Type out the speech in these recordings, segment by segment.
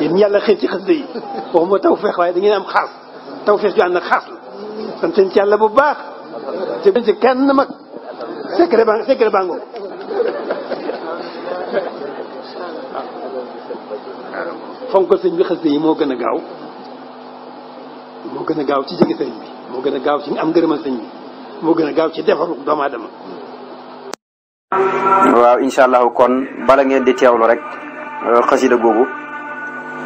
yéen yàlla xëy ci xasida yi waxuma tawfeex waaye da ngeen am xaas tawfeex ju ànd ak xaas la ci yàlla bu baax jëmn ci kenn mag secret baa secret sëñ bi xasida yi moo gën a gaaw moo gën a gaaw ci jege sëñ bi moo gën a gaaw ci am ngërëmal sëñ bi moo gën a gaaw ci defaru doomu aadama waaw incha allahu kon bala ngeen di teewlu rek xasida googu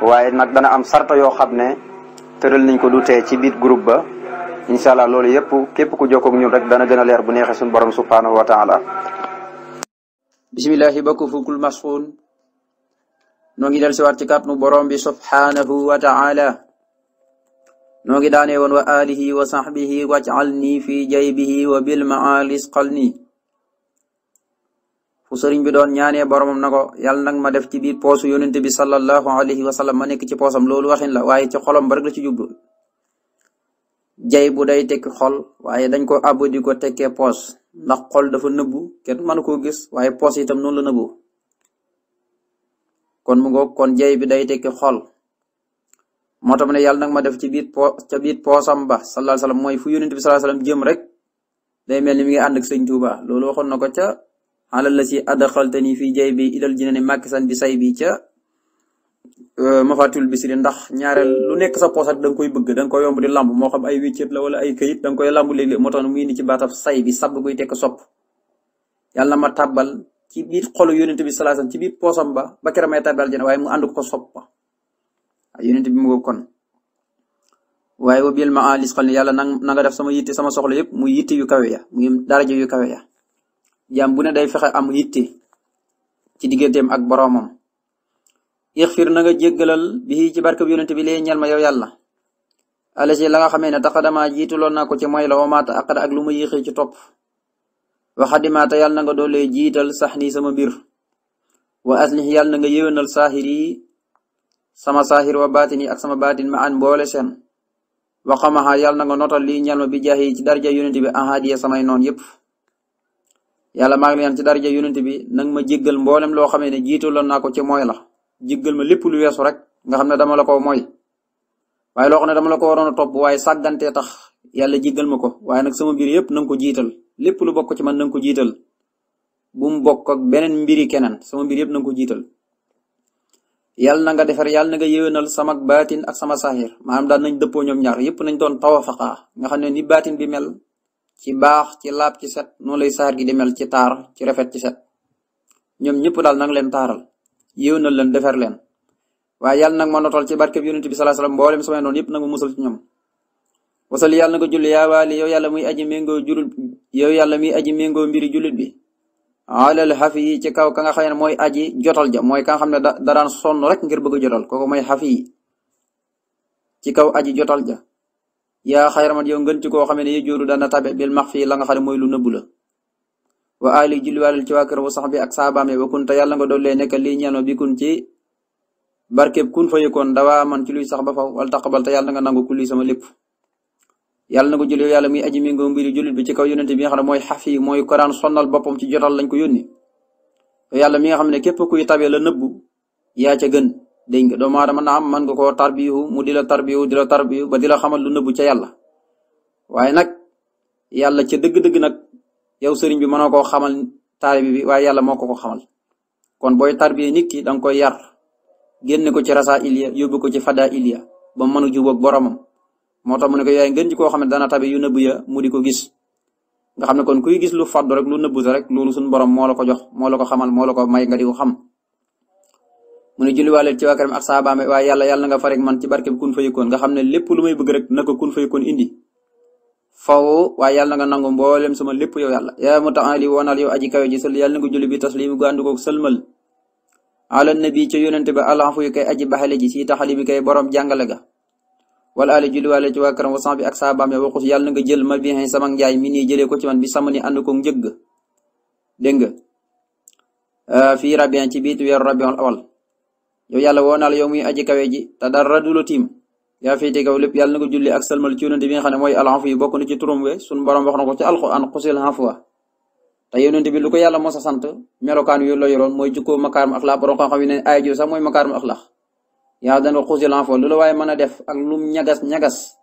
waaye nag dana am sarta yoo xam ne tëral nañ ko du tee ci biir groupe ba incha allah loolu yëpp képp ku jokkoog ñun rek dana gën a leer bu neexee suñu borom subhanahu wa taala bismillahi bakku fukul masxuun noo ngi del siwaat ci kàttanu borom bi subhanahu wa taala noo ngi daanee woon wa alihi wa sahbihi waj'alni fi jaybihi wa bil ma'alis qalni fu sëriñ bi doon ñaanee boromam na ko yàlla nag ma def ci biir poosu yonent bi sallallahu alayhi wa sallam ma nekk ci poosam loolu waxin la waaye ci xolam ba rek la ci jublu jay bu day tekki xol waaye dañ ko àbb di ko tekkee poos ndax xol dafa nëbbu kenn mënu koo gis waaye poos itam noonu la nëbbu kon mu ngoog kon jay bi day tekki xol moo tax ne yàlla nag ma def ci biir po ca biir poosam ba sallallahu alayhi wa mooy fu yonent bi sallallahu alayhi wa jëm rek day mel ni mi ngi ànd ak sëñ ca. alal la si adaxaltani fii jay bi ilal jinani màkkisan bi say bi ca mafatul bisri ndax ñaareel lu nekk sa poos ak koy bëgg danga nga koy yomb di lamb moo xam ay wéccet la wala ay këyit danga koy lamb léeg-léeg moo tax mu indi ci baatab say bi sab koy tekk sop yàlla ma tàbbal ci biir xolu yonent bi salaasan ci biir poosam ba ba kera may tàbbal jana waaye mu ànd ko sopp ba yonent bi mu ko kon waaye wa bil ma alis xal yàlla na nga def sama yitte sama soxla yëpp mu yitte yu kawe ya yu kawe jaam bu ne day fexe am yitte ci digganteem ak boroomam ixfir na nga jéggalal bi ci barkab yonent bi lee ñal ma yow yàlla ala si la nga xamee ne taxadamaa jiituloon naa ko ci mooy la wamaata ak lu ma yéexee ci topp ma yàlla na nga doolee jiital sax nii sama mbir wa aslih yàlla na nga yéwénal saaxir sama saaxir wa baatin ak sama baatin ma an mboole seen waxamaha yàlla na nga notal lii ñal ma bi jaax ci darja yonent bi ahadiya sama noon yépp yàlla maa ngi leen ci daraja yonent bi nang ma jéggal mboolem loo xamee ne jiitaloon naa ko ci moy la jéggal ma lépp lu weesu rek nga xam ne dama la ko mooy waaye loo xam ne dama la ko waroon a topp waaye sàggantee tax yàlla jéggal ma ko waaye nag sama mbir yëpp nang ko jiital lépp lu bokk ci man nang ko jiital bu mu bokk ak beneen mbiri keneen sama mbir yëpp nang ko jiital yàlla na nga defar yàlla na nga yéwénal sama baatin ak sama saaxir maanaam daal nañ dëppoo ñoom ñaar yëpp nañ doon tawafaqa nga xam ne ni baatin bi mel ci baax ci laab ci set noonu lay saar gi di mel ci taar ci rafet ci set ñoom ñëpp daal nang leen taaral yéew na leen defar leen waaye yàlla nag ma notal ci barkeb yonent bi sallallahu alayhi wasallam mboolem samay noonu yëpp nag mu musal ci ñoom wasal yàlla na ko julli yaa yow yàlla muy aji méngoo jurul yow yàlla muy aji méngoo mbiri julit bi alal xafi yi ci kaw ka nga xam ne mooy aji jotal ja mooy ka xam ne da daan sonn rek ngir bëgg a jotal kooku mooy xafi yi ci kaw aji jotal ja yaa xayra man yow ngën koo xamee ne ye jóoru dana tabe bil max fii la nga xam ne mooy lu nëbbu la wa ali julliwaalal ci waa kër wa sax bi ak saabaame ba kunta yàlla nga doollee nekk lii ñeeno bi kun ci barkeb kun fa yëkkoon dawaa man ci luy sax ba faw wal taqabal te yàlla nga nangu kulli sama lépp yàlla na ko jël yow yàlla muy aji mi nga mbiri jullit bi ci kaw yónnente bi nga xam ne mooy xafi mooy koraan sonnal boppam ci jotal lañ ko yónni yàlla mi nga xam ne képp kuy tabee la nëbbu yaa ca gën dégg nga doomu aadama naam mën nga koo tarbiyu mu di la u dila la tarbiyu ba di xamal lu nëbbu ca yàlla waaye nag yàlla ca dëgg-dëgg nag yow sëriñ bi mënoo koo xamal taalibi bi waaye yàlla moo ko ko xamal kon booy tarbiye nit ki da koy yar génne ko ci rasa ilia yóbbu ko ci fada ilia ba mu mën a jubóog boromam moo tax mu ne ko yaay ngeen ci koo xam ne dana tabi yu nëbb ya mu di ko gis nga xam ne kon kuy gis lu faddu rek lu nëbbuta rek loolu suñu borom moo la ko jox moo la ko xamal moo la ko may nga di xam mu ne julli wàleel ci waa këram ak saabaam waaye yàlla yàlla nga farek man ci barke bi kun fa yëkkoon nga xam ne lépp lu may bëgg rek na ko kun fa indi faw waaye yàlla nga nangu mboolem sama lépp yow yàlla yaa mutaali woonal yow aji kawe ji yàlla nga julli bi tasliim gu ànd koog sëlmal ala nabi ca yónente ba alafu yu kay aji baxale ji si taxali bi kay borom jàngale ga wala ali julli wàleel ci waa këram wasan bi ak saabaam yow waxus yàlla nga jël ma bi sama njaay mi nii jëlee ko ci man bi sama ni ànd koog njëgg dégg nga ah, fii rabien ci biit weeru rabiul awal yow yàlla woo naa la yow muy aji kawe ji te dara du la tiim yaa féete kaw lépp yàlla na ko julli ak salmal ci yonente bi nga xam ne mooy alafu yi bokk ci turam we suñu borom wax na ko ci alxuraan xusil afwa te yonente lu ko yàlla mos a sant melokaan yu la yoroon mooy jukkoo makaarim axlaax borom xam-xam yi ne lu la waaye a def ak lum ñagas ñagas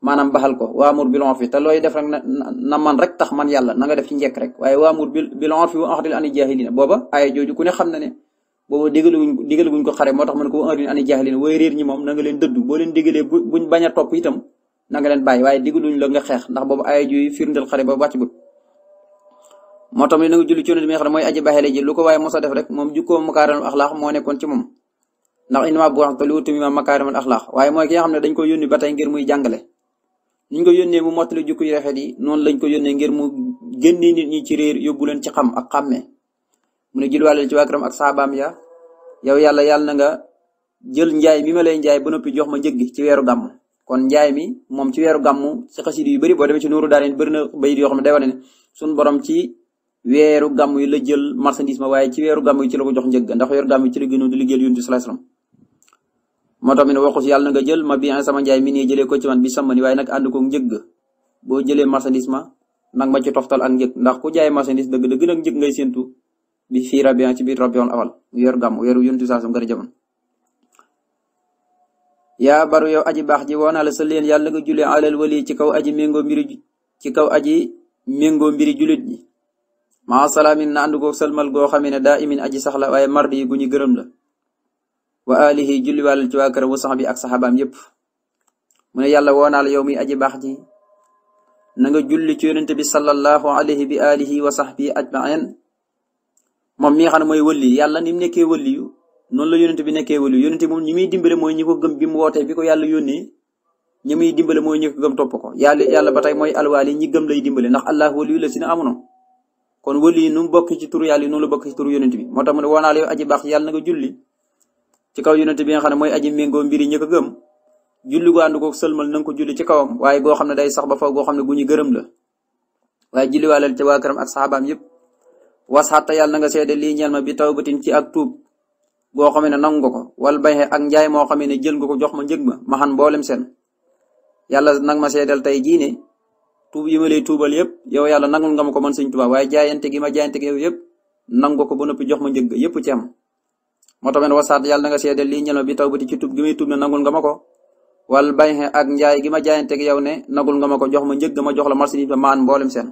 maanaam baxal ko waamur bil urfi te looy def rek na man rek tax man yàlla na nga def ci njekk rek waaye waamur bil urfi wa a'rid anil boobu dégaluwuñ dégaluwuñ ko xare moo tax man ko arin ani jaahilin way réer ñi moom na nga leen dëddu boo leen dégalee bañ a topp itam na leen bàyyi waaye dégaluñ la nga xeex ndax boobu aaya juy firndal xare ba wàcc gut moo tax na nga julli ci yonent bi nga xam ne mooy aji baaxele ko waaye mosa def rek moom jukkoo makaarimul axlaax moo nekkoon ci moom ndax innama bu'ithtu li ma makaarimul axlaax waaye mooy ki nga xam ne dañ ko yónni ba tey ngir muy jàngale niñ ko yónnee mu mottali jukko yu rafet yi noonu lañ ko yónnee ngir mu génnee nit ñi ci réer yóbbu leen ci xam ak xàmmee mu ne julliwaale leen ci waa këram ak saabaam ya yow yàlla yàlla na nga jël njaay mi ma lay njaay ba noppi jox ma njëg ci weeru gàmm kon njaay mi moom ci weeru gàmm ci yu bëri boo demee ci nuuru daarin bëri na bayit yoo xam ne day wane borom ci weeru gàmm yi la jël marchandise ma waaye ci weeru gàmm yi ci la ko jox njëg ndax weeru gàmm yi la gënoon di liggéeyal yonent moo tax mi ne waxu si yàlla nga jël ma bi sama njaay mi ne jëlee ko ci man bi sama ni waaye nag ànd ko njëgg boo jëlee marchandise nag ma ci toftal ak njëg ndax ku jaay marchandise dëgg dëgg nag njëg ngay séentu bi fii rabian ci biir rabion awal weeru gàmm weeru yontu saa sam gën a jamono yaa baru yow aji baax ji woo naa la sa leen yàlla nga julli alal wali ci kaw aji méngoo mbiri ci kaw aji méngoo salaamin na ànd goog salmal goo daa imin aji sax la mardi yi gu la wa alihi julli wàllal ci waa këram wa sax bi ak saxaabaam yépp mu ne yàlla woo aji baax ji na nga ci yonente bi sallallahu alayhi bi alihi wa saxbi ajmain moom mi nga xam ne mooy wëlli yàlla ni mu nekkee wëlli yu noonu la yónente bi nekkee wëlli yu yónente moom ñi dimbale mooy ñi ko gëm bi mu wootee bi ko yàlla yónnee ñi muy dimbale mooy ñi ko gëm topp ko yàlla yàlla ba tey mooy alwaali ñi gëm lay dimbale ndax allah wëlli yu la si na amono kon wëlli yi nu mu ci turu yàlla yi noonu la bokk ci turu yónente bi moo tax mu ne woo naa la yow aji baax yàlla na nga julli ci kaw yónente bi nga xam ne mooy aji méngoo mbiri ñi ko gëm julli gu ànd ko sëlmal na ko julli ci kawam waaye goo xam ne day sax ba faw goo xam ne gu ñu gërëm la waaye julli waalal ca waa këram ak wasxatta yàlla na nga seede lii ñeel ma bi tawbatin ci ak tuub boo xam ne nangu nga ko ak moo xam ne jël nga ko jox ma njëg ma ma xan mboolem seen yàlla nag ma seedal tey jii ne tuub yi ma lay yëpp yow yàlla nangul nga ma ko man sëñ Tuubaa waaye jaayante gi ma jaayante gi yëpp nangu ko ba noppi jox ma njëg yëpp ci am moo tax ma ne wasaat yàlla na nga lii ñel ma bi tawbati ci tuub gi may tuub ne nangul nga ma ko wal bayxe ak njaay gi ma jaayante gi yow ne nangul nga ma ko jox ma njëg ma jox la marchandise ma maan mboolem seen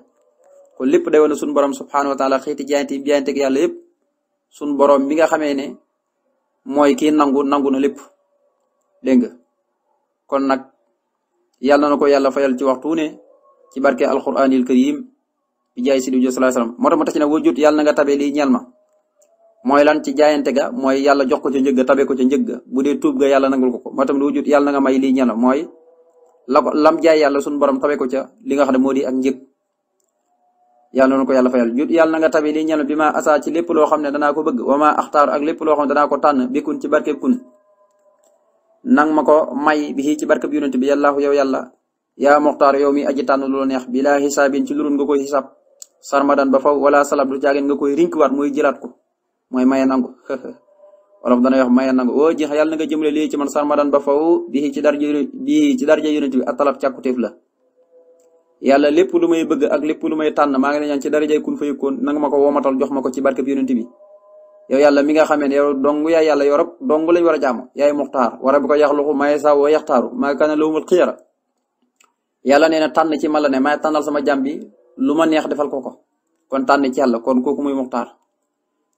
kon lépp day wane suñu borom subxanahu wa taala xeeti jaayante jaayante ak yàlla yëpp suñu borom mi nga xamee ne mooy ki nangu nangu na lépp dégg nga kon nag yàlla na ko yàlla fayal ci waxtu ne ci barke alquranil karim bi jaay si di jo sallallahu alayhi wasallam moo tax ma tax ci nag wajut yàlla na nga tabe lii ñeel ma mooy lan ci jaayante ga mooy yàlla jox ko ca njëgga tabe ko ca njëgga bu dee tuub ga yàlla nangul ko ko moo tax ma wajut yàlla nga may lii ñeel mooy la ko lam jaay yàlla suñu borom tabe ko ca li nga xam ne moo di ak njëg yàlla na ko yàlla fayal jut yàlla nga tabi li ñel bi ma asa ci lépp loo xam ne danaa ko bëgg wa ma axtaar lépp loo xam ko tànn bi kun ci barkeb kun nang ma ko may bi ci barkeb yonent bi yàllaahu yow yàlla yaa moxtaar yow mi aji tànn lu neex bi laa xisaabin ci lurun nga koy xisaab sarmadan ba faw wala salab du jaageen nga koy rinkiwaat mooy jëlaat ko mooy maye nangu wolof dana wax maye nangu oo jeex yàlla na nga jëmale lii ci man sarmadan ba faw bi ci darja bi ci darja yonent bi atalab càkkutéef la yàlla lépp lu may bëgg ak lépp lu may tànn maa ngi la ñaan ci darajay kun fayakun nanga ma ko womatal jox ma ko ci barkeb yonent bi yow yàlla mi nga xamee ne yow dong yaay yàlla yow rek dong lañ war yaay muxtaar wara bi ko yaxluqu maa yashaa'u wa yaxtaaru maa kaana lahumul xiyara yàlla nee na tànn ci ma la ne maay tànnal sama jàmm bi lu ma neex defal ko ko kon tànn ci yàlla kon kooku muy muxtaar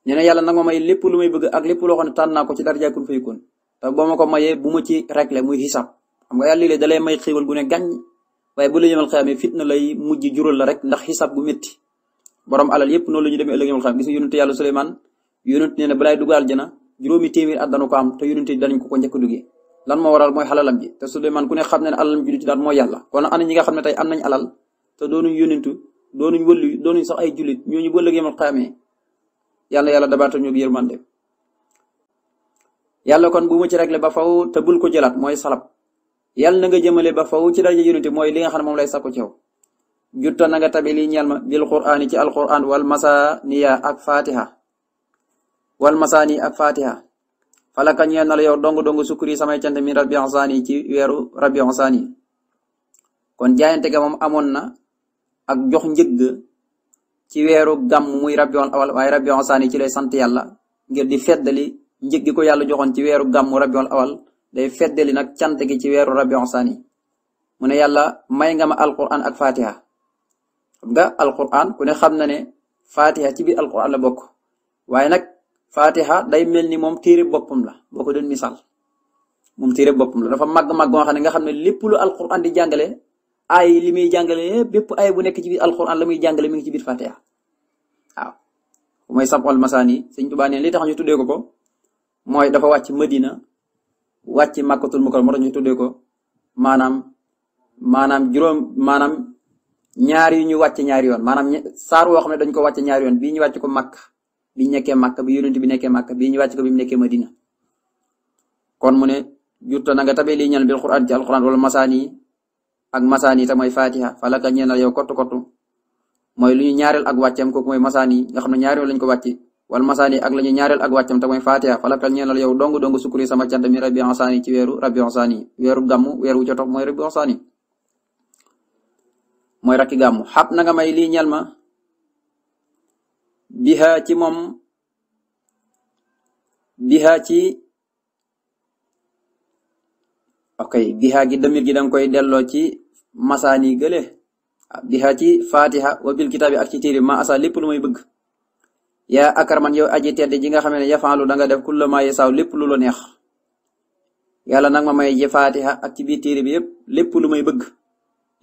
nee na yàlla nag ma may lépp lu may bëgg ak lépp loo xam ne tànn naa ko ci darajay kun fayakun te boo ma ko mayee bu ma ci réglé muy xisaab xam waaye bu la yëmal xiyaamee fitna lay mujj jural la rek ndax xisaab bu métti borom alal yëpp noonu la ñu demee ëllëg yëmal xiyaam gis nga yonente yàlla Suleymaan yonente nee na balay dugg aljana juróomi téeméer at danu ko am te ko ko njëkk duggee lan moo waral mooy xalalam ji te Suleymaan ku ne xam ne ne alalam ji du ci daan mooy yàlla kon ana ñi nga xam ne tey am nañ alal te doonuñ yonentu doonuñ wëllu ay jullit ñooñu bu ëllëg yëmal xiyaamee yàlla yàlla dabaata ñoo yërmande yàlla kon bu mu rek le ba faw te bul ko jëlaat mooy salab yàlla na nga jëmale ba faw ci daraja yonente mooy li nga xam ne moom lay sakku ci yow jutta na nga tabe li ñeel ma bil qur'aani ci alqur'aan wal masaniya ak fatiha wal masani ak fatiha falaka ñeel na la yow dong dong sukkuri samay cant min rabbi ansani ci weeru rabion sani kon jaayante ga moom amoon na ak jox njëgg ci weeru gàmm muy rabbi awal waaye rabbi ansani ci lay sant yàlla ngir di feddali njëggi ko yàlla joxoon ci weeru gàmm rabbi awal day feddali nag cant gi ci weeru rabion sani mu ne yàlla may nga ma alquran ak fatiha xam nga alquran ku ne xam na ne fatiha ci biir alquran la bokk waaye nag fatiha day mel ni moom téere boppam la boo ko doon misaal moom téere boppam la dafa màgg-màgg nga xam ne nga xam ne lépp lu alquran di jàngale ay li muy jàngale bépp ay bu nekk ci biir alquran la muy jàngale mi ngi ci biir fatiha waaw mooy sab'ul masaani Sëñ Tuubaa ne li tax ñu tuddee ko ko mooy dafa wàcc Madina wàcc màkkatul mukarram moo tax ñu tuddee ko maanaam maanaam juróom maanaam ñaar yu ñu wàcc ñaari yoon maanaam saar woo xam ne dañ ko wàcc ñaari yoon bii ñu wàcc ko màkk bi ñu nekkee màkk bi yonent bi nekkee màkk bii ñu wàcc ko bi mu nekkee madina kon mu ne jurta na nga tabee lii ñaan bil qur'an ci alquran wala masaani ak masaani te mooy fatiha falaka ñeenal yow kottu kottu mooy lu ñu ñaareel ak wàcceem kooku mooy masaani nga xam ne ñaari yoon lañ ko wàcc wal masaali ak la ñu ñaareel ak wàccam te mooy fatiha falakal ñeenal yow dong dong sukkuri sama cant mi rabbi ci weeru rabbi weeru gàmmu weer wu ca topp mooy rabbi ansaani mooy rakki gàmmu xab na may lii ñel ma biha ci moom biha ci ok biha gi damir gi danga koy delloo ci masaani gële biha ci fatiha wa bil kitaabi ak ci téere ma asa lépp lu may bëgg yaa man yow aji tedd ji nga xam ne yafaalu da nga def kulla maa yasaaw lépp lu la neex yàlla nag ma may ji ak ci biir téere bi yëpp lépp lu may bëgg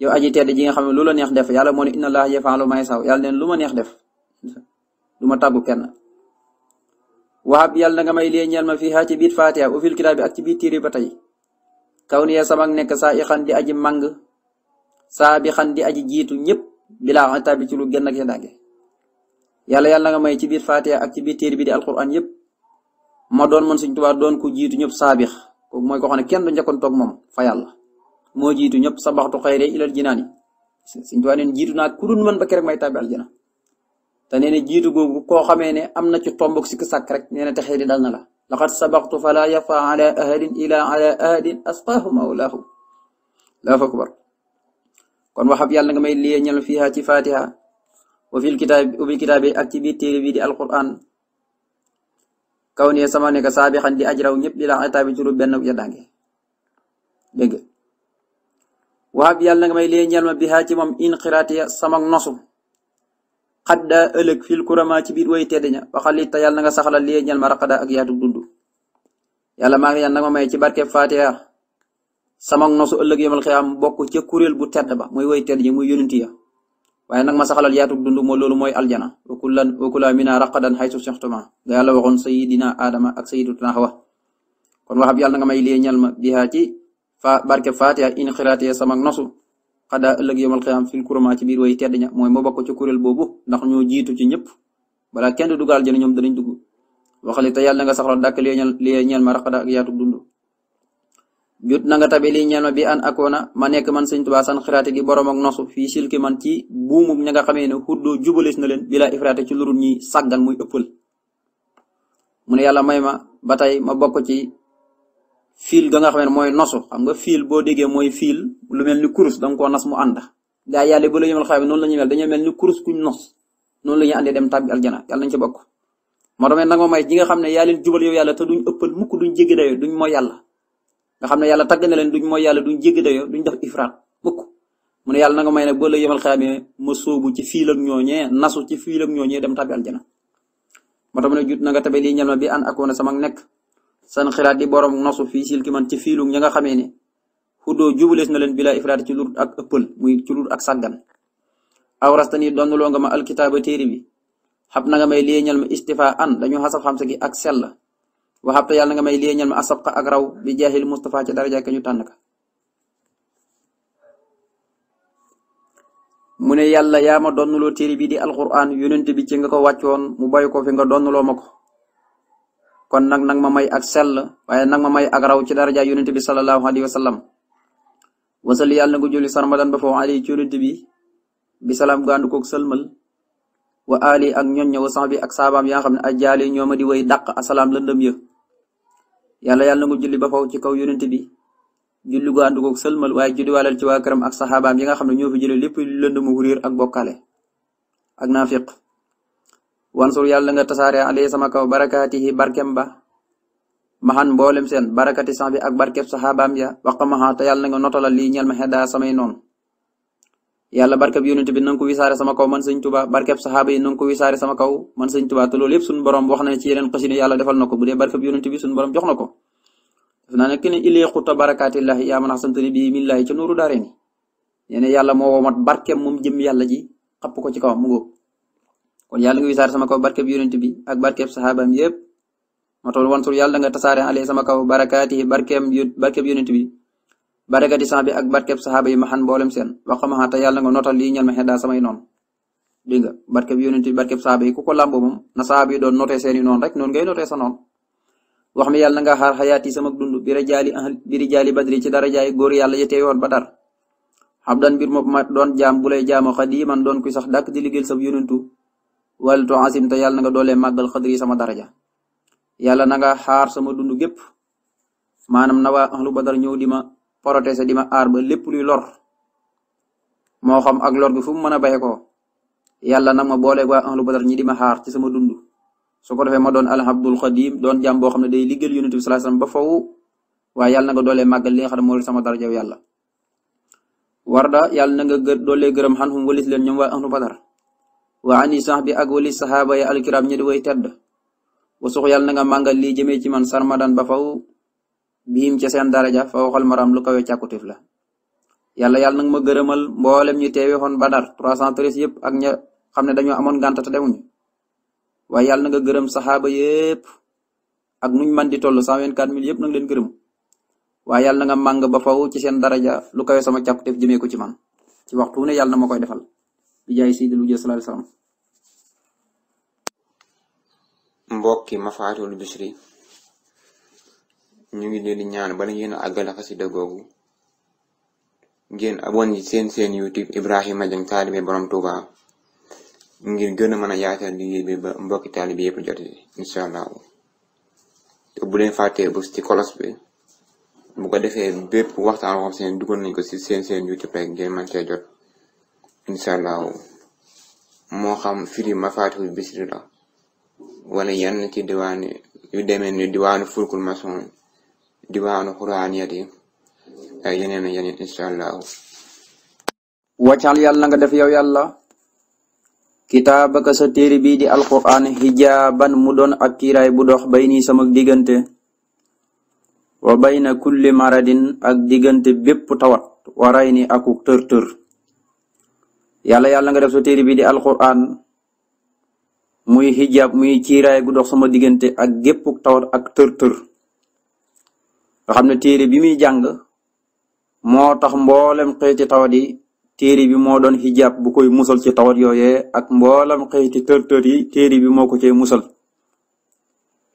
yow aji tedd nga xam ne lu la neex def yàlla moo ne inna allah yafaalu maa yasaaw yàlla neen lu ma neex def du ma tàggu kenn wahab yàlla nga may lee ñeel ma fii ci biir faatiha u fil kitaab bi ak ci biir ba tey kaw ni sama nekk saa i xan di aji màng saa bi xan di aji jiitu ñëpp bilaa itaab bi ci lu gën ak yeddaange yàlla yàlla nga may ci biir Fatiha ak ci biir téere bi di alquran yëpp ma doon man Sëñ Tuubaa doon ko jiitu ñëpp saabix kooku mooy koo kenn du njëkkoon moom fa moo jiitu ñëpp sabaxtu xayre ilal jinaani Sëñ Tuubaa neen jiitu naa ku man ba keroog may tàbbi aljana te nee na jiitu googu koo xamee ne am na ci tombok sikk sàkk rek nee na texee di dal na la laqad sabaxtu fala yafa ala ahadin ila ala ahadin asfaahu mawlaahu laa fa akbar kon waxab yàlla may liye ñal fiha ci fatiha wa fil kitaab ubil kitaab yi ak ci biir téere bii di sama nekk saabixan di ajraw ñëpp di la itaabi ci benn yeddaange dégg nga waab yàlla nga may lee ñeel ma bihaa ci moom inxiraatiya sama nosu xadda ëllëg fil kurama ci biir way tedd ña waxal li te nga saxalal lee ñeel ma yaatu dund yàlla maa ngi ñaan ma ci barke Fatiha sama nosu ëllëg yomal xiyaam bokk ca kuréel bu tedd ba muy way tedd ñi muy yonent waaye nag ma saxalal yaatug dund moo loolu mooy aljana wa kullan wa kula mina raqadan xaytu sixtuma nga yàlla waxoon sayidina aadama ak sayidatuna Hawa kon waxab yàlla nga may lee ñal ma bihaa ci fa barke fatiha in xiraatee sama nosu xadaa ëllëg yomal xiyaam fil kurama ci biir way tedd ña mooy moo bokk ci kuréel boobu ndax ñoo jiitu ci ñëpp balaa kenn dugal aljana ñoom danañ dugg waxali te yàlla nga saxalal dàkk lee ñal lee ñal ma raqada ak yaatug dund jut nanga nga lii ñeel ma bi an akoona ma nekk man sëñ tubaa san xiraati di borom ak nosu fii silki man ci buumum ña nga xamee ne xuddoo jubalees na leen bilaa ifraate ci lurul ñi sàggan mooy ëppal mu ne yàlla may ma ba tey ma bokk ci fiil ga nga xam ne mooy nosu xam nga fiil boo degee mooy fiil lu mel ni kurus danga koo nas mu ànd gaa yàlla ba la yëmal xaw noonu la ñu mel dañoo mel ni kurus kuñ nos noonu la ñuy dem tàbbi aljana yàlla nañ ci bokk moo tax nag ma may ñi nga xam ne yàlla te duñ ëppal mukk duñ jéggi dayo duñ mooy nga xam ne yàlla tagg na leen duñ mooy yàlla duñ jéggi dayoo duñ def ifraat mukk mu ne yàlla na nga may nag boo la yemal xaamee ma sóobu ci fiil ak nasu ci fiil ak ñooñee dem tàbbi aljana moo tax na jut na nga tabe lii ñel ma bi an akoona sama nekk san xilaat di borom nasu fii sil ki man ci fiilu ña nga xamee ne xuddoo jubulees na leen bila ifraat ci lur ak ëppal muy ci lur ak sàggan aw rastani donnaloo nga ma alkitaaba téere bi xab na nga may lii ma istifa an dañu xasaf xam sa gi ak sell waxabta yàlla nga may lii ñan ma asabqa ak raw bi jaahil Moustapha ci daraja ka ñu tànn ka ne yàlla yaa ma donnaloo téere bii di alquran yonent bi ci nga ko wàccoon mu bay ko fi nga donnaloo ma ko kon nag nag ma may ak sell waaye nag ma may ak raw ci daraja yonent bi sallallahu alayhi wa sallam wasal yàlla na ko julli sarmadan ba foofu alayhi bi salaam gàndu koog sëlmal wa ali ak ñoñ ña wa sax bi ak saabaam yaa xam ne ajaali ñoo ma di way dàq asalaam lëndëm ya yàlla yàlla na ko julli ba faw ci kaw yonent bi julli gu ànd koog sëlmal waaye julli wàllal ci waa këram ak saxaabam yi nga xam ne ñoo fi jële lépp lënd mu réer ak bokkale ak naafiq wansur yàlla nga tasaare alayhi sama kaw barakaatihi barkem ba maxan mboolem seen barakati sax bi ak barkeb saxaabaam ya waqamaha te yàlla na nga notalal lii ñel ma xeddaa samay noon yàlla barkab yonent bi nanga ko wisaare sama kaw man sëñ Tuubaa barkab saxaaba yi nanga ko wisaare sama kaw man sëñ Tuubaa te loolu yëpp suñu borom wax na ci yeneen xasida yàlla defal na ko bu dee barkab yonent bi suñu borom jox na ko def naa nekk ne ileequ tabarakaatillahi yaa man axsantani bi millahi ca yàlla moo womat barkeem moom jëm yàlla ji xapp ko ci kawam mu ngóob kon yàlla nga wisaare sama kaw barkab yonent bi ak barkab yëpp ma toll wan sur yàlla nga tasaare ale sama kaw barakaati barkeem barkeb yonent bi barakati sang bi ak barkeb saxaaba yi ma xan mboolem seen waxamaxa te yàlla nga nootal lii ma xeddaa samay noonu dégg nga barkeb yonent bi barkeb saxaaba yi ku ko làmboo moom sa noonu wax mi yàlla na nga xaar sama dund bi rijaali ma doon sa yonentu wala to asim te yàlla na nga doolee màggal xadri sama daraja yàlla na nga xaar sama protéger di ma aar ba lépp luy lor moo xam ak lor bi fu mu mën a baye ko yàlla nag ma booleeg waa ahlu ñi di ma xaar ci sama dund su ko defee ma doon alhamdul xadim doon jàmm boo xam ne day liggéeyal yonent bi sallallahu alayhi ba faw waaye yàlla na nga doolee màggal li nga moo sama daraja yàlla warda yàlla na nga gë doolee gërëm xanhum walis leen ñoom waa ahlu badar wa ani sax bi ak walis saxaaba ya alkiram ñi way tedd wa suux yàlla na nga màggal lii jëmee ci man sarmadan ba faw biim ca seen daraja fa waxal maram lu kawe càkkutif la yàlla yàlla nag ma gërëmal mboolem ñu teewe woon badar 313 yëpp ak ña xam ne dañoo amoon gànt te demuñu waaye yàlla na nga gërëm saxaaba yëpp ak nuñ man di toll 124 mille yëpp na leen gërëm waaye yàlla na nga màng ba faw ci seen daraja lu kawe sama càkkutif jëmee ko ci man ci waxtu ne na ma koy defal bi jaay sidi lu jël salaam mbokki Mafatihoul Bichri ñu ngi leen di ñaan bala ngeen a àggale xasida googu ngeen abonné ci seen seen YouTube Ibrahima Diagne taalibe borom Touba ngir gën a mën a yaatal liggéey bi ba mbokki taalibe yëpp jot ci incha allah te bu leen fàttee bu ci kolos bi bu ko defee bépp waxtaan waxam seen dugal nañ ko ci seen seen YouTube rek ngeen mën cee jot incha allah moo xam firi mafaatihul bisri la wala yenn ci diwaani yu demee ni diwaanu diwaanu xuraaniyat yi waccal yàlla nga def yow yàlla kitaabaka sa téere bii di alquran mu doon ak kiiraay bu dox bay nii sama diggante wa bayna kulli maradin ak diggante bépp tawat waray ni akuk tër tër yàlla nga def sa téere bii di alquran muy xijaab muy kiiraay gu dox sama diggante ak géppuk tawat ak tër tër nga xam ne téere bi muy jàng moo tax mboolem xeeti tawat yi téere bi moo doon hijab bu koy musal ci tawat yooyee ak mboolem xeeti tër-tër yi téere bi moo ko cee musal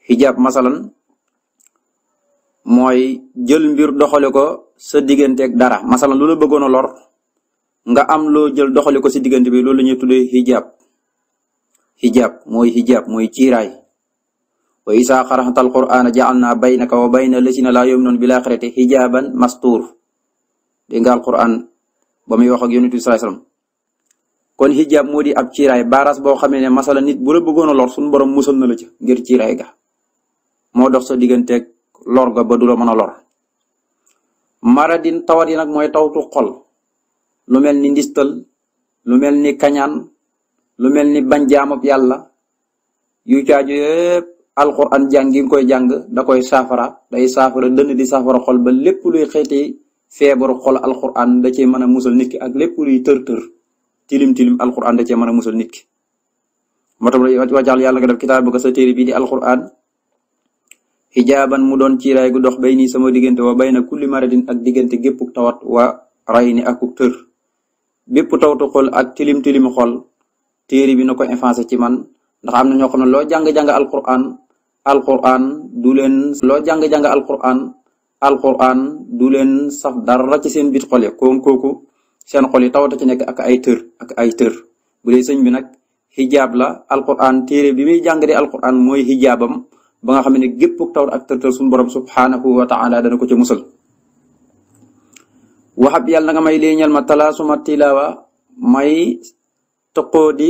hijab masalan mooy jël mbir doxale ko sa digganteeg dara masalan lu la bëggoon a lor nga am loo jël doxale ko si diggante bi loolu la ñuy tuddee hijab hijab mooy hijab mooy ciiraay wa isaa xaraxta alqur'aana jacal naa baynaka wa bayna lësina na yumnoon bil axirati xijaaban mastuur dégg nga alqur'aan ba muy wax ak yonent bi saai sallam kon xijaab moo di ab ciiraay baaraas boo xamee ne masala nit bu la bëggoon a lor suñu borom musal na la ca ngir ciiraay ga moo dox sa digganteeg lor ga ba du la mën a lor maradin yi nag mooy tawtu xol lu mel ni ndistal lu mel ni kañaan lu mel ni bañ jaamub yàlla yu alquran jàng gi nga koy jàng da koy saafara day saafara dënn di saafara xol ba lépp luy xeeti feebaru xol alquran da cee mën a musal nit ki ak lépp luy tër-tër tilim tilim alquran da cee mën a musal nit ki moo tax wàccaal yàlla nga def kitaab ko sa téere bii di alquran xijaaban mu doon ciiraay gu dox bay nii sama diggante wa bay na kulli maradin ak diggante géppuk tawat wa ray ni akuk tër bépp tawtu xol ak tilim tilim xol téere bi na ko effacé ci man ndax am na ñoo xam ne loo jàng-jàng alquran alquran du leen loo jàng-jàng alquran alquran du leen saf dara ci seen biir xol yi koom kooku seen xool yi tawata ci nekk ak ay tër ak ay tër bu sëñ bi nag xijaab la alquran téere bi muy jàng di alquran mooy xijaabam ba nga xam ne gépp tawat ak tër tër suñu borom subhanahu wa taala dana ko ci musal waxab yàlla na nga may léeñal ma talaa suma may toqoo di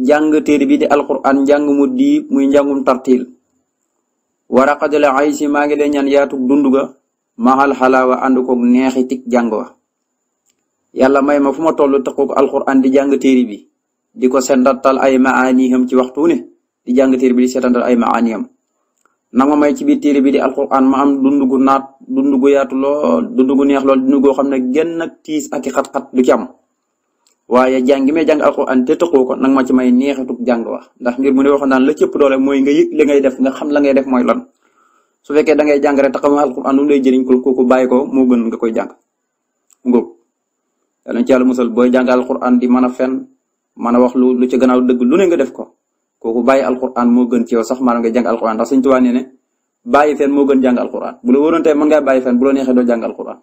njàng téere bi di alquran njàng mu diib muy njàngum tartiil waraqatale ay si maa ngi lay ñaan yaatug dund ga maxal xalaawa ànd koog neexi tik jàng wa yàlla may ma fu ma toll taqoog alquran di jàng téere bi di ko seetantal ay maaniyam ci waxtu ne di jàng bi di seetantal ay maaniyam nanga may ci biir téere bi di alquran ma am dund gu naat dund gu yaatu lool dund gu neex lool dund goo xam ne genn ak tiis aki i xat-xat du ci waaye jàng gi may jàng alxuraan te tëqoo ko nag ma ci may neexatug jàng wax ndax mbir mu ne waxoon naan la cëpp doole mooy nga yëg li ngay def nga xam la ngay def mooy lan su fekkee da ngay jàng rek te xam alxuraan lu ko kooku bàyyi ko moo gën nga koy jàng ngóob yàlla ci yàlla musal booy jàng alxuraan di mën a fen mën a wax lu lu ci gannaaw dëgg lu ne nga def ko kooku bàyyi alxuraan moo gën ci yow sax maanaam nga jàng alxuraan ndax Sëñ Tuubaa nee ne bàyyi fen moo gën jàng alxuraan bu la wóoroon tey mën ngaa bàyyi fen bu la neexee doo jàng alxuraan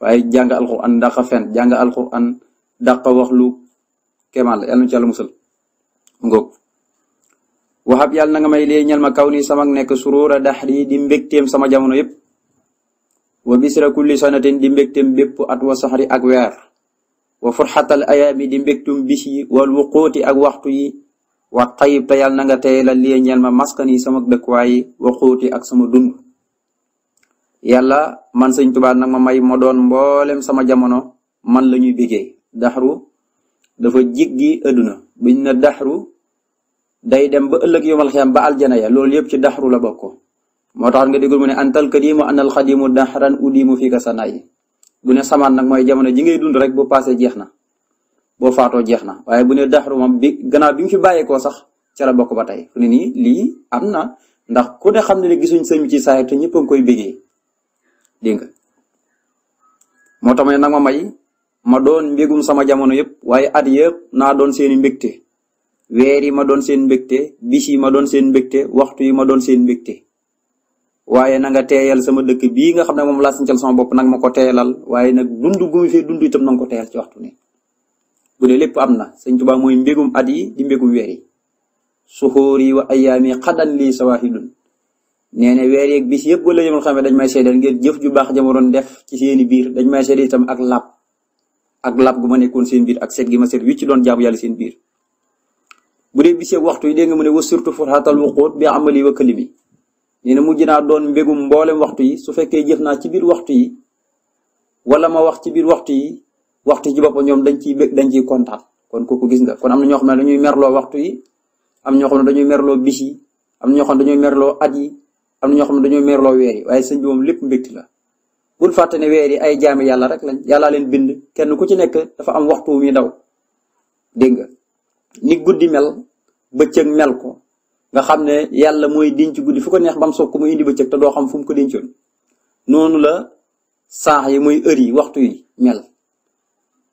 waaye jàng alxuraan ndax fen jàng alxuraan dàqa wax lu kéemaan la yàlla na ngoog waxab yàlla na nga may lee ñal ma kaw nii sama nekk suróora daxri di mbégteem sama jamono yëpp wa bisra kulli sanatin di mbégteem bépp at wa saxri ak weer wa furxatal ayaami di mbégtum bis yi wal wuqooti ak waxtu yi wa na nga tey la lee ñal ma maskani sama dëkkuwaay wa xuuti ak sama dund yàlla man sëñ Tuubaa nag ma may ma doon mboolem sama jamono man lañuy ñuy daxru dafa jiggi adduna biñ na daxru day dem ba ëllëg yomal xiyam ba aljana ya lool yëpp ci daxru la bokk moo tax nga déggul mu ne antal kadimu anal xadimu daxran udimu fii ka sanaayi bu ne samaan nag mooy jamono ji ngay dund rek bu paasee jeex na boo faatoo jeex na waaye bu ne daxru moom bi ganaar bi mu fi bàyyeekoo sax ca la bokk ba tey fu ne nii lii am na ndax ku de xam ne ne gisuñ sëñ bi ci saay te ñëpp koy bégee dégg nga moo tax ma ne ma may ma doon mbégum sama jamono yëpp waaye at yëpp naa doon seeni mbégte weer yi ma doon seen mbégte bis yi ma doon seen mbégte waxtu yi ma doon seen mbégte waaye na nga sama dëkk bii nga xam ne moom laa sancal sama bopp nag ma ko teeyalal waaye nag dund dund itam na nga ko teeyal ci waxtu ne bu dee lépp am na sëñ Tuubaa mooy mbégum at yi di mbégum weer yi suxóor yi wa ayaami xadan lii sawaahilun nee na weer yeeg bis yëpp wala yëmal xam ne dañ may seedeel ngeen jëf ju baax jamono doon def ci seeni biir dañ may seedeel itam ak làpp ak lab gu ma nekkoon seen biir ak set gi ma set wi ci doon jaamu yàlla seen biir bu dee biseeg waxtu yi dégg nga mu ne wa surtout furxatal wuquut bi amali wa kalimi nee na mujj naa doon mbégum mboolem waxtu yi su fekkee jëf naa ci biir waxtu yi wala ma wax ci biir waxtu yi waxtu yi ci boppam ñoom dañ ciy bég dañ ciy kontaan kon kooku gis nga kon am na ñoo xam ne dañuy merloo waxtu yi am ñoo xam dañuy merloo bis yi am na ñoo dañuy merloo at yi am na ñoo xam ne dañuy merloo weer yi waaye sëñ bi moom lépp mbégti la bul fàtte ne weer yi ay jaami yàlla rek lañ yàllaa leen bind kenn ku ci nekk dafa am waxtu wu daw dégg nga ni guddi mel bëccëg mel ko nga xam ne yàlla mooy dinc guddi fu ko neex ba mu soog ko muy indi bëccëg te doo xam fu mu ko dencoon noonu la saax yi muy heure yi waxtu yi mel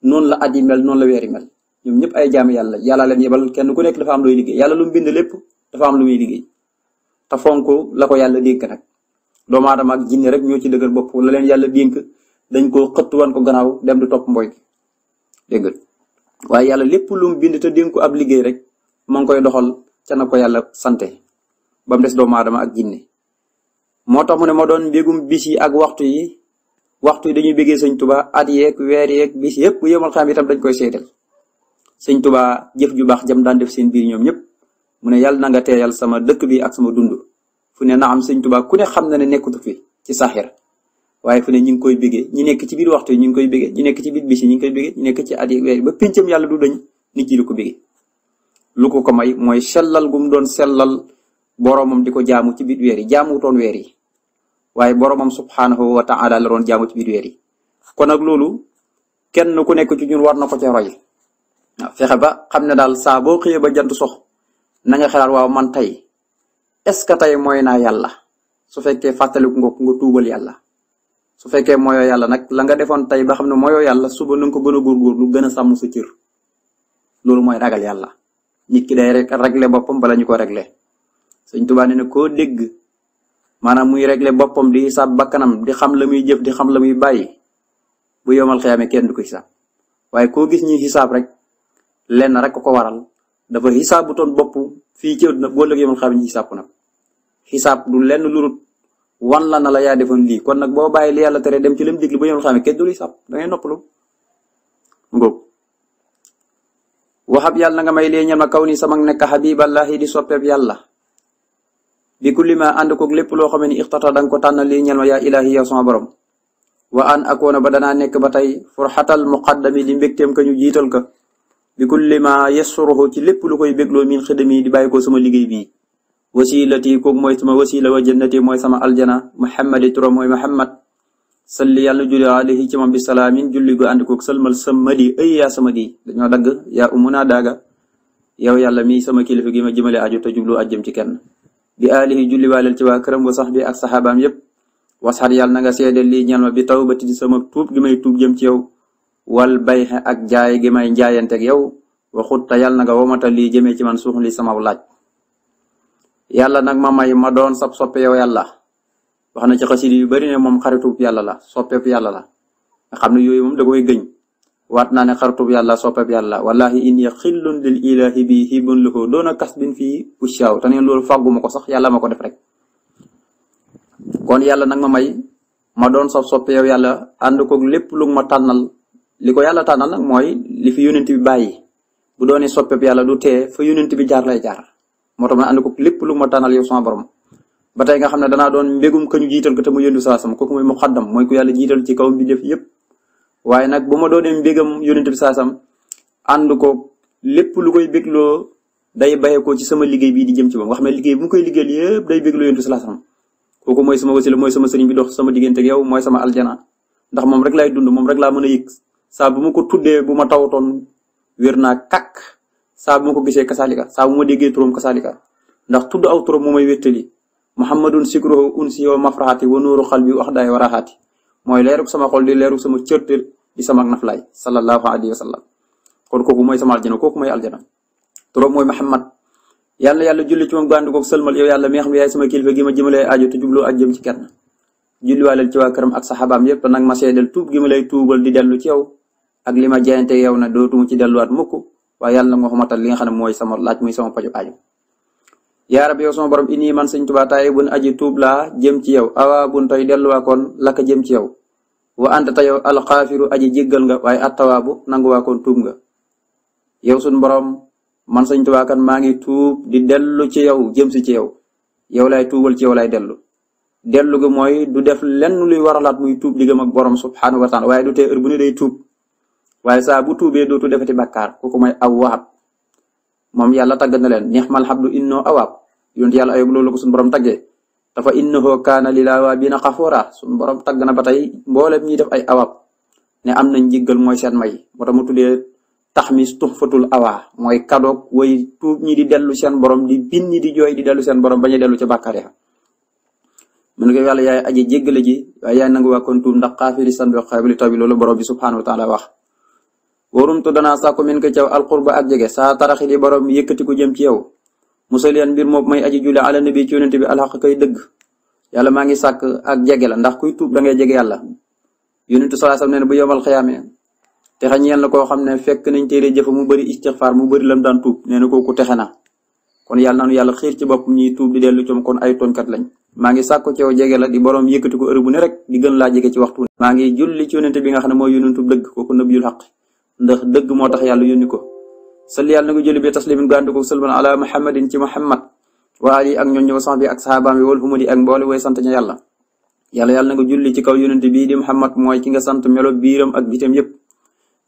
noonu la at yi mel noonu la weer yi mel ñoom ñëpp ay jaami yàlla yàllaa leen yebal kenn ku nekk dafa am luy liggéey yàlla lu mu bind lépp dafa am lu muy liggéey te fonk la ko yàlla dégg nag doomu aadama ak jinne rek ñoo ci dëgër bopp la leen yàlla dénk dañ koo xëtt wan ko ganaaw dem di topp mboy dégg nga waaye yàlla lépp lu bind te dénk ko ab liggéey rek ma ngi koy doxal ca na ko yàlla sante ba mu des doomu ak jinne moo tax mu ne ma doon mbégum bis yi ak waxtu yi waxtu yi dañuy béggee sëñ Tuba at yeeg weer yeeg bis yëpp bu yemal xam itam dañ koy seetal sëñ Tuba jëf ju baax jam daan def seen biir ñoom ñëpp mu ne yàlla na nga teeyal sama dëkk bi ak sama dund fu na am sëñ Tuubaa ku ne xam na ne nekkatu fi ci saxir waaye fu ne ñu ngi koy bégee ñi nekk ci biir waxtu ñu ngi koy bégee ñi nekk ci biir bisi ñu ngi koy bégee ñi nekk ci at yi weer ba péncam yàlla du dañ nit ñi di ko bégee lu ko ko may mooy sellal gu mu doon sellal boromam di ko jaamu ci biir weer yi jaamutoon weer yi waaye boromam subhaanahu wa taala la doon jaamu ci biir weer yi kon nag loolu kenn ku nekk ci ñun war na ko ca roy fexe ba xam ne daal saa boo xëyee ba jant sox na nga xalaat waaw man tey est-ce que tey mooy naa yàlla su fekkee fàttaliku nga nga tuubal yàlla su fekkee mooyoo yàlla nag la nga defoon tey ba xam ne mooyoo yàlla suba na nga ko gën a góorgóorlu gën a sàmm sa cër loolu mooy ragal yàlla nit ki day rek boppam bala ñu ko régler Sëñ Tuubaa ne ne koo dégg maanaam muy regle boppam di hisaab bakkanam di xam la muy jëf di xam la muy bàyyi bu yomal xiyaame kenn du ko hisaab waaye koo gis ñi hisaab rek lenn rek ko waral dafa toon bopp fii ci àddina boo lëg yomal xiyaame ñu hisaab xisaab du lenn lurut wan la na la yaa defoon lii kon nag boo bàyyi li yàlla tere dem ci lim digli ba ñëwul xamee kenn du li sab da ngay noppalu ngóob waxab yàlla nga may lee ñel ma kaw ni sama nekk xabiballahi di soppeeb yàlla bi li ma ànd koog lépp loo xam ne ixtata da nga ko tànn lii ñel ma yaa ilaahi yow sama borom wa an akoona ba danaa nekk ba tey furxatal muqaddami di mbégteem ka ñu jiital ka bi kulli ma yasuruhu ci lépp lu koy bégloo min xidami di bàyyi ko sama liggéey bii wasilati kooku mooy sama wasila wa jannati mooy sama aljana muhammadi turam mooy muhammad salli yàlla julli alayhi ci moom bi salaamin julli gu ànd koog sëlmal samadi ay yaa samadi dañoo dagg yaa umuna daaga yow yàlla mi sama kilifa gi ma jëmale aju te jublu ajjëm ci kenn bi aalihi julli waaleel ci waa këram wa sax bi ak saxaabaam yépp wasxat yàlla na nga seedeel lii ñal ma bi taw ba tidi sama tuub gi may tuub jëm ci yow wal bayxe ak jaay gi may jaayante ak yow waxutta yàlla na nga womata lii jëmee ci man suuxli samaw laaj yàlla nag ma may ma doon sab soppe yow yàlla wax na ci xasida yu bari moom xaritub yàlla la soppeeb yàlla la nga xam ne yooyu moom da koy gëñ naa ne xaritub yàlla soppeeb yàlla la wallahi inni xillun lil ilahi bi hibun lahu doona kasbin fii u te ne loolu fàgguma ko sax yàlla ma ko def rek kon yàlla nag ma may ma doon sab soppe yow yàlla ànd koog lépp lu ma tànnal li ko yàlla tànnal nag mooy li fi yónent bi bàyyi bu doonee soppeeb yàlla du tee fa yónent bi jaar lay jaar moo tax ma ànd ko lépp lu ma tànnal yow sama borom ba tey nga xam ne danaa doon mbégum ka ñu jiital ko te mu yónni saa sam kooku mooy muqaddam mooy ku yàlla jiital ci kaw mbindeef yëpp waaye nag bu ma doonee mbégam yónnent bi saa sam ànd ko lépp lu koy bégloo day bàyyeekoo ci sama liggéey bii di jëm ci moom nga xam liggéey bu mu koy liggéeyal yëpp day bégloo yónnent mooy sama mooy sama sëriñ bi dox sama diggante ak mooy sama aljana ndax moom rek lay dund moom rek laa mën a yëg saa bu ma ko tuddee bu ma taw tawatoon wér naa kak saa bu ma ko gisee kasaalika saa bu ma déggee turam kasaalika ndax tudd aw turam moo may wéttali muhammadun sikruhu unsi wa mafraxati wa nuuru xalbi wax daay waraxaati mooy leerug sama xol di leerug sama cërtër di sama naflaay sallallahu alayhi wa sallam kon kooku mooy sama aljana kooku mooy aljana turam mooy muhammad yàlla yàlla julli ci moom gàndu koog sëlmal yow yàlla mi nga xam ne yaay sama kilifa gi ma jëmalee aajo te jubloo ak jëm ci kenn julliwaaleel ci waa këram ak saxaabaam yépp nag ma seedeel tuub gi ma lay tuubal di dellu ci yow ak li ma jaayante yow na dootuma ci delluwaat mukk waaye yàlla na nga xomatal li nga xam ne mooy sama laaj muy sama paju aju yaa rabbi yow sama borom ini man sëñ Tuubaa taay bun aji tuub laa jëm ci yow awa bun tey delluwaa koon lakka jëm ci yow wa anta ta yow alxaafiru aji jéggal nga waaye attawaabu nanguwaa koon tuub nga yow suñ borom man sëñ Tuubaa kan maa ngi tuub di dellu ci yow jëm si ci yow yow lay tuubal ci yow lay dellu dellu gi mooy du def len luy waralaat muy tuub di gëm ak borom subhaanahu wa taala waaye du tee heure bu day tuub waaye saa bu tuubee dootu defati bàkkaar kooku mooy awwaab moom yàlla tagg na leen ni'mal abdu innoo awaab yonent yàlla ayub loolu ko suñu borom taggee dafa innahu kaana lil awaabiina xafuura suñu borom tagg na ba tey mboolem ñuy def ay awaab ne am nañ jéggal mooy seen may moo tax mu tuddee taxmis tuxfatul awaa mooy kadoog way tuub ñi di dellu seen borom di bin ñi di jooy di dellu seen borom bañuy dellu ca bàkkaar ya mu ne ko yàlla yaay aji jéggale ji waaye yaay nangu waa kon tuub ndax xaafiri san bi xaabili taw bi loolu borom bi subhaanahu wa taala wax warumtu danaa sàkku min ko caw alqurba ak jege saa taraxi di borom yëkkati ko jëm ci yow musaliyan mbir moom may aji julli ala nabi ci yonente bi alxaq kay dëgg yàlla maa ngi sàkk ak jege la ndax kuy tuub da ngay jege yàlla yonente salaa sam nee na bu yomal xiyaamee texe ñeel na koo xam ne fekk nañ téere jëfa mu bëri istixfaar mu bëri lam daan tuub kooku texe na kon yàlla nañu yàlla xiir ci bopp ñuy tuub di dellu maa ngi sàkku ceew jege la di borom yëkkati ko heure bu ne rek di gën bi nga xam ne mooy yonentub dëgg kooku nëbiyul xaq ndax dëgg moo tax yàlla yónni ko salli yàlla na ko jëli bi taslimin gàndu ko sëlman ala muhammadin ci muhammad wa ali ak ñoom sax bi ak saxaabaam bi wal humadi ak mboole way sant ña yàlla yàlla yàlla na nga julli ci kaw yonent bii di muhammad mooy ki nga sant melo biiram ak bitam yëpp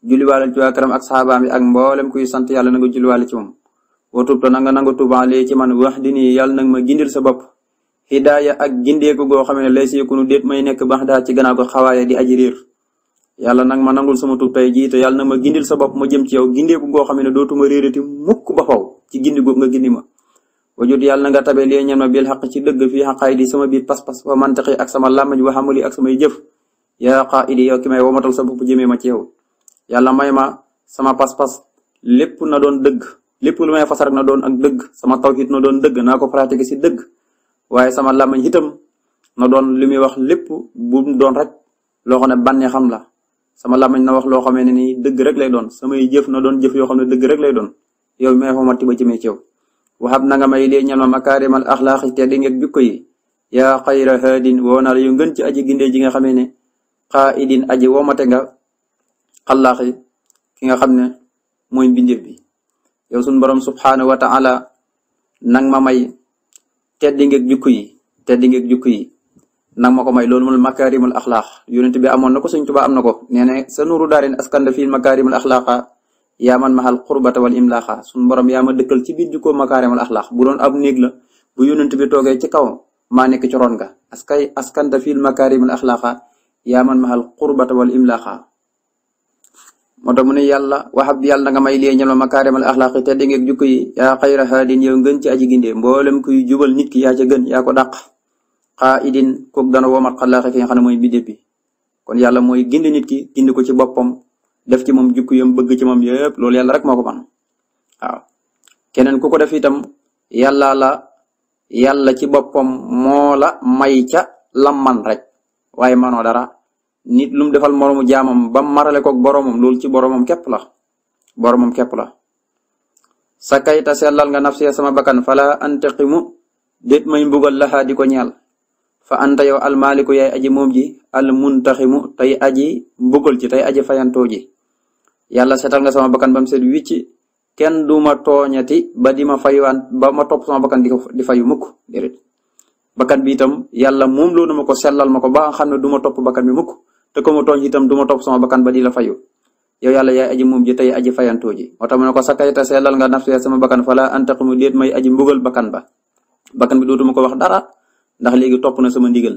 julli waale ci karam ak saxaabaam bi ak mboolem kuy sant yàlla na nga julli waale ci moom watub to nanga nanga tubaale ci man wax di nii yàlla nag ma gindil sa bopp hidaaya ak gindeeku goo xam ne lay si yëkkunu déet may nekk baax daal ci gannaaw ko xawaaya di aji réer yàlla nag ma nangul sama tuub tey jii te na ma gindil sa bopp ma jëm ci yow gindeeku goo xam ne dootuma réerati mukk ba faw ci gindi googu nga gindi ma wajut yàlla na nga tabe lee ñen ma bil xaq ci dëgg fii xaqaay sama biir pas-pas wa mantaxi ak sama làmmañ wa xamali ak samay jëf yaa qaa'idi yow ki may womatal sa bopp jëmee ma ci yow yàlla may ma sama pas-pas lépp na doon dëgg lépp lu may fas rek na doon ak dëgg sama tawhid na doon dëgg naa ko pratiquer si dëgg waaye sama làmmañ itam na doon li muy wax lépp bu doon rek loo ne bànnee xam la sama làmmiñ na wax loo xamee ne dëgg rek lay doon samay jëf na doon jëf yoo xam ne dëgg rek lay doon yow may xomati ba ci mee ceew waxab na nga may dee a ma makaarimal axlaaqi te di ngeen jikko yi yaa xayra haadin woo naa ngën ci aji gindee ji nga xamee ne xaa idin aji woomate nga xallaaxi ki nga xam ne mooy mbindeef bi yow suñ borom subhaanahu nang ma may tedd ngeeg jukku yi tedd ngeeg jukku yi nang ma ko may loolu mooy makaarimul axlaax yonent bi amoon na ko Sëñ Tuubaa am na ko nee na sa nuuru daarin askan fii makaarimul axlaaxa yaa man mahal xurbata wal imlaaxa suñu borom yaa ma dëkkal ci biir jukkoo makaarimul axlaax bu doon ab néeg la bu yonent bi toogee ci kaw maa nekk ci ron ga askay askan fii makaarimul axlaaxa yaa man mahal xurbata wal imlaaxa moo mu ne yàlla waxab yàlla nga may lee ñal ma makaarimal axlaaqi te dégg nga jukko yi yaa xayra haadin yow ngën ci aji gindee mboolem kuy jubal nit ki yaa ca gën yaa ko dàq xaaidin kooku dana woomat xalaaxe ki nga xam ne mooy bidéef bi kon yàlla mooy gindi nit ki gindi ko ci boppam def ci mom jukku yam bëgg ci moom yëpp loolu yàlla rek moo ko man ku ko def itam yàlla la yàlla ci boppam moo may ca lam rek waaye manoo dara nit lu mu defal moroomu jaamam ba marale koog boromam lool ci boromam képp la boromam képp la sa kayta sellal nga nafsiya sama bakkan fala antaqimu déet may mbugal laxaa di ko fa anta yow almaaliku yaay aji moom ji al muntaximu tey aji mbugal ci tey aji fayantoo ji yàlla setal nga sama bakkan bam mu set wicc kenn du ma tooñati ba di ma fayuwaan ba ma topp sama bakkan di ko di fayu mukk déedéet bakkan bi itam yàlla moom loo na ma ko sellal ma ko ba nga xam ne du ma topp bakkan bi mukk te ko ma tooñ itam du ma topp sama bakkan ba di la fayu yow yàlla yaay aji moom ji tey aji fayantoo ji moo tax ma ne ko sakayta sellal nga nafsi sama bakkan fala antaximu déet may bakkan ba bakkan bi dootuma ko ndax léegi topp na sama ndigal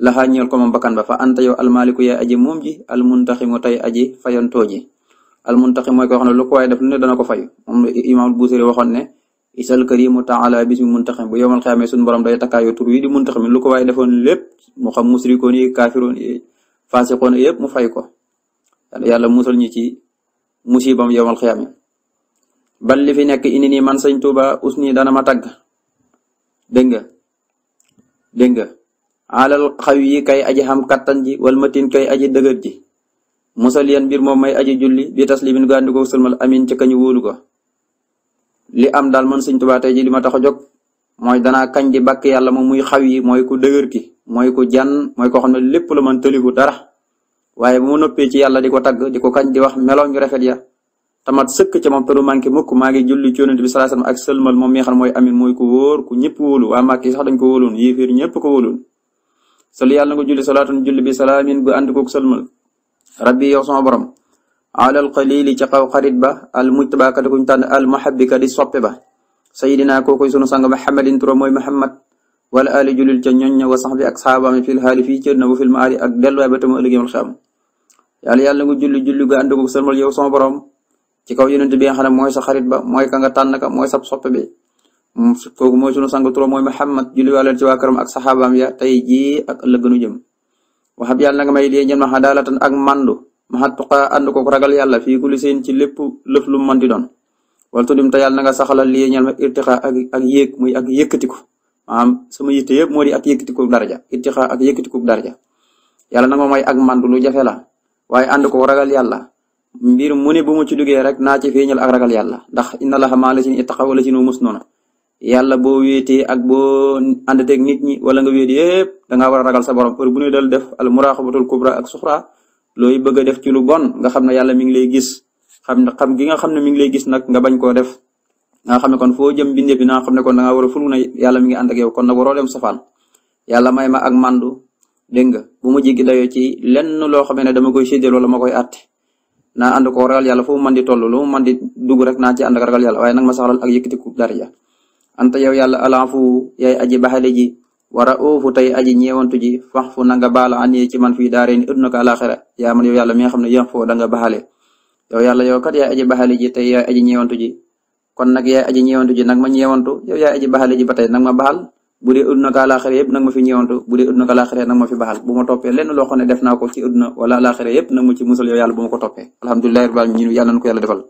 laxaa ñeel ko moom bakkan ba fa anta yow almaaliku yaay aji moom ji almuntaximu tey aji fayantoo ji almuntaxim mooy ko wax ne lu ko def lu ne dana ko fayu moom imaamul Buusiri waxoon ne isal karimu taala bismi muntaxim bu yowmal xiyaamee suñu borom day takkaayoo tur wi di muntaxim lu ko waaye defoon lépp mu xam musrikoon yi kaafiroon yi faasiqoon yëpp mu fay ko yàlla musal ñi ci musibam yowmal xiyaamee bal li fi nekk indi nii man sëñ Tuuba us nii dana ma tagg dégg dégg nga alal xaw yi kay aji xam kattan ji wal matin kay aji dëgër ji mosal yan mbir moom may aji julli bi taslimin gandi ko sëlmal amin ci kañu wóolu ko li am daal man Sëñ Tuubaa tey ji li ma tax a jóg mooy danaa kañ di bakk yàlla moom muy xaw yi mooy ku dëgër ki mooy ku jan mooy ko xam ne lépp la man tëliku dara waaye bu ma noppee ci yàlla di ko tagg di ko kañ di wax meloom yu rafet ya tamat sëkk ca moom te du manqué mukk maa ngi julli ci yonent bi sallallahu alayhi wasallam ak sëlmal moom mi nga xam mooy amin mooy ku wóor ku ñëpp wóolu waa màkk yi sax dañ ko wóoloon yéeféer ñëpp ko wóoloon sali yàlla na nga julli ba al mujtabakati kuñ tànn al muhabbika di soppe ba sayidina kookoy sunu sang mahamadin turam mooy mahamad wala ali julil ca ñoñ ña wa sax bi ak saxaabaami fil xaali fii cër na bu fil maali ak delluwaay ba tamu ëllëg yawmal xiyaam yàlla yàlla nga julli julli ga ànd kook sëlmal yow sama ci kaw yonent bi nga xam ne mooy sa xarit ba mooy ka nga tànn ka mooy sab soppe bi mm, kooku mooy sunu sang turam mooy Muhammad julli wàlleen ci waa këram ak saxaabaam ya tey jii ak ëllëg nu jëm waxab yàlla na nga may dee ñen ma xadaalatan ak mandu ma tuqaa ànd ko ragal yàlla fii ku li seen ci lépp lëf lu man di doon wala tuddim te yàlla na nga saxalal lii ñel ma irtixa ak ak yéeg muy ak yëkkatiku maanaam sama yitte yëpp moo di ak yëkkatiku daraja irtixa ak yëkkatiku daraja yàlla na nga may ak mandu lu jafe la waaye ànd ko ragal yàlla mbir mu ne bu mu ci duggee rek naa ci feeñal ak ragal yàlla ndax inna laha maa la sin ittaqaw la sinu mus noona yàlla boo wéetee ak boo àndateeg nit ñi wala nga wéet yëpp dangaa war a ragal sa borom pour bu ne dal def al muraqabatul kubra ak suxra looy bëgg a ci lu bon nga xam ne yàlla mi ngi lay gis xam ne xam gi nga xam ne mi ngi lay gis nag nga bañ koo def nga xam ne kon foo jëm bindee bi naa xam ne kon dangaa war a fulu na yàlla mi ngi ànd ak yow kon nag waroo dem safaan yàlla may ma ak màndu dégg nga bu ma jéggi dayoo ci lenn loo xam ne dama koy séddale wala ma koy àtte naa ànd ko ragal yàlla foofu man di toll lu man di dugg rek naa ci ànd ak ragal yàlla waaye nag ma saxlal ak yëkkatiku daraja anta yow yàlla alaafu aji baxale ji wa raufu tey aji ñeewantu ji fax fu na nga baal ani ci man fii daaree ni adduna ko alaxira yaa man yow yàlla mi nga xam ne yéen foo da nga baxale yow yàlla yow kat yaay aji baxale ji tey yaay aji ñeewantu ji kon nag yaay aji ñeewantu ji nag ma ñeewantu yow aji baxale ji ba tey nag ma baxal bu dee adduna ak àllaaxira yëpp nag ma fi ñëwantu bu dee adduna ak àllaaxira nag ma fi baxal bu ma toppee lenn loo xam ne def naa ko ci adduna wala àllaaxira yëpp nag ma ci musal yow yàlla bu ma alhamdulilahi rabbil aalamiin yàlla na ko yàlla defal